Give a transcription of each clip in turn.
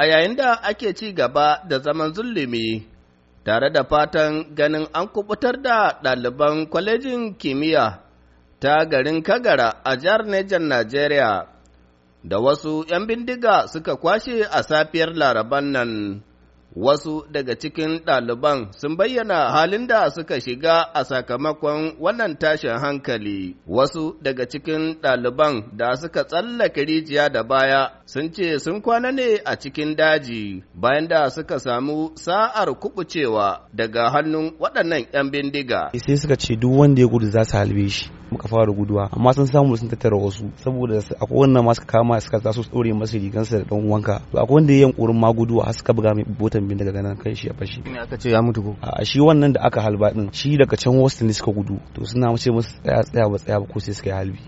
a yayin da ake ci gaba da zaman zullumi, tare da fatan ganin an kubutar da ɗaliban kwalejin kimiyya ta garin Kagara a jihar Nejan Najeriya, da wasu ‘yan bindiga suka kwashe a safiyar laraban nan. Wasu daga cikin ɗaliban sun bayyana halin da suka shiga a sakamakon wannan tashin hankali. Wasu daga cikin ɗaliban da suka tsallaka rijiya da baya sun ce sun kwana ne a cikin daji bayan da suka samu sa'ar kubucewa daga hannun waɗannan ‘yan bindiga. Sai suka ce duk wanda ya gudu za su halbe shi. muka fara guduwa amma sun samu sun tattara wasu saboda akwai wannan masu kama suka za su dore masu sa da dan wanka to akwai wanda ya kurin ma guduwa har suka buga mai botan bin daga nan kai shi ya fashi ne aka ce ya mutu ko a shi wannan da aka halba din shi daga can wasu ne suka gudu to suna mace musu tsaya tsaya ba tsaya ba ko sai suka yi halbi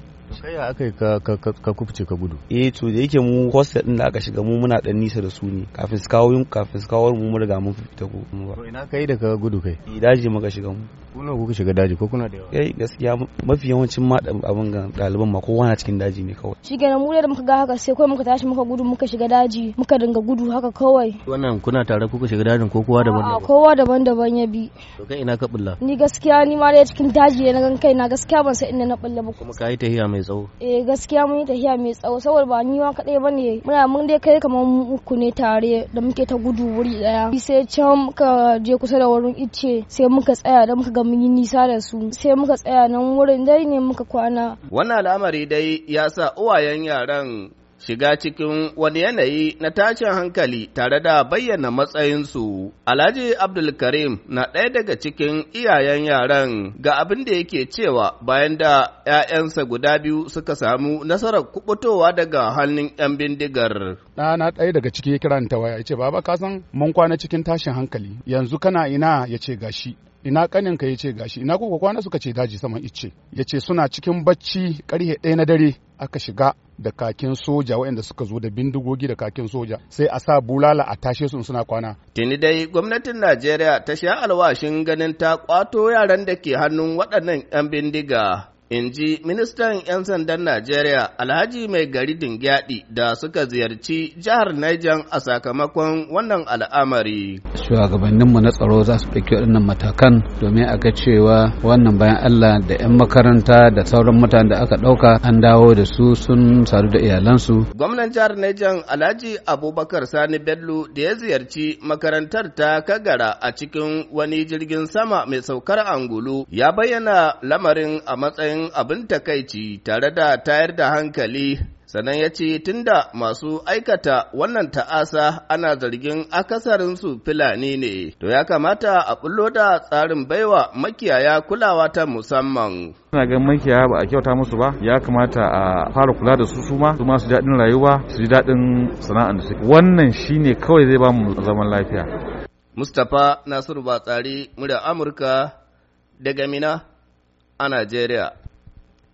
kai ya aka ka ka kubce ka gudu eh to da yake mu hostel din da aka shiga mu muna dan nisa da su ne kafin su kawo yin kafin su kawo mu riga mun fita ko mu ba to ina kai da ka gudu kai eh daji muka shiga mu kuna kuka shiga daji ko kuna da yawa eh gaskiya mafi yawancin ma abin ga ɗaliban ma kowa na cikin daji ne kawai shi kenan mu da muka ga haka sai kai muka tashi muka gudu muka shiga daji muka dinga gudu haka kawai wannan kuna tare kuka shiga dajin ko kowa daban-daban kowa daban-daban ya bi to kai ina ka bulla ni gaskiya ni ma da cikin daji ne na gan kai na gaskiya ban san inda na bulla ba kuma kai tahiya mai tsawo eh gaskiya mun yi tafiya mai tsawo saboda ba ni ma kaɗai bane muna mun dai kai kamar muku ne tare da muke ta gudu wuri daya sai can muka je kusa da wurin ice sai muka tsaya da muka ga mun yi nisa da su sai muka tsaya nan wurin dai ne muka kwana wannan al'amari dai ya sa uwayen yaran shiga cikin wani yanayi na tashin hankali tare da bayyana matsayinsu. Alhaji Abdulkarim na ɗaya daga cikin iyayen yaran ga abin da yake cewa bayan da ‘ya'yansa guda biyu suka samu nasarar kubutowa daga hannun ‘yan bindigar. Ɗana ɗaya daga ciki ya kiranta waya ya ce, Baba, ka san mun kwana cikin tashin hankali, yanzu kana ina ya ce gashi. ina kanin ka ce gashi ina kuka kwana suka ce daji saman ya yace suna cikin bacci karhe ɗaya na dare aka shiga da kakin soja waɗanda suka zo da bindigogi da kakin soja sai a sa bulala a tashe su suna kwana. Tini dai gwamnatin Najeriya ta sha alwashin ganin ta kwato yaran da ke hannun waɗannan 'yan bindiga in ji ministan 'yan sandan Najeriya Alhaji Mai Gari Dingyadi da suka ziyarci jihar Niger a sakamakon wannan al'amari. Shugabanninmu na tsaro za su ɗauki waɗannan matakan domin a ga cewa wannan bayan Allah da 'yan makaranta da sauran mutane da aka ɗauka an dawo da su sun sadu da iyalansu. Gwamnan jihar Niger Alhaji Abubakar Sani Bello da ya ziyarci makarantar ta Kagara a cikin wani jirgin sama mai saukar angulu ya bayyana lamarin a matsayin abin takaici tare da tayar da hankali sannan ya ce tunda masu aikata wannan ta'asa ana zargin akasarinsu fulani ne to ya kamata a bullo da tsarin baiwa makiyaya kulawa ta musamman ina ganin makiyaya ba a kyauta musu ba ya kamata a fara kula da su su ma su masu daɗin rayuwa su ji daɗin sana'ar da suke wannan shine kawai zai ba mu zaman lafiya mustapha nasiru batsari murya amurka daga mina a najeriya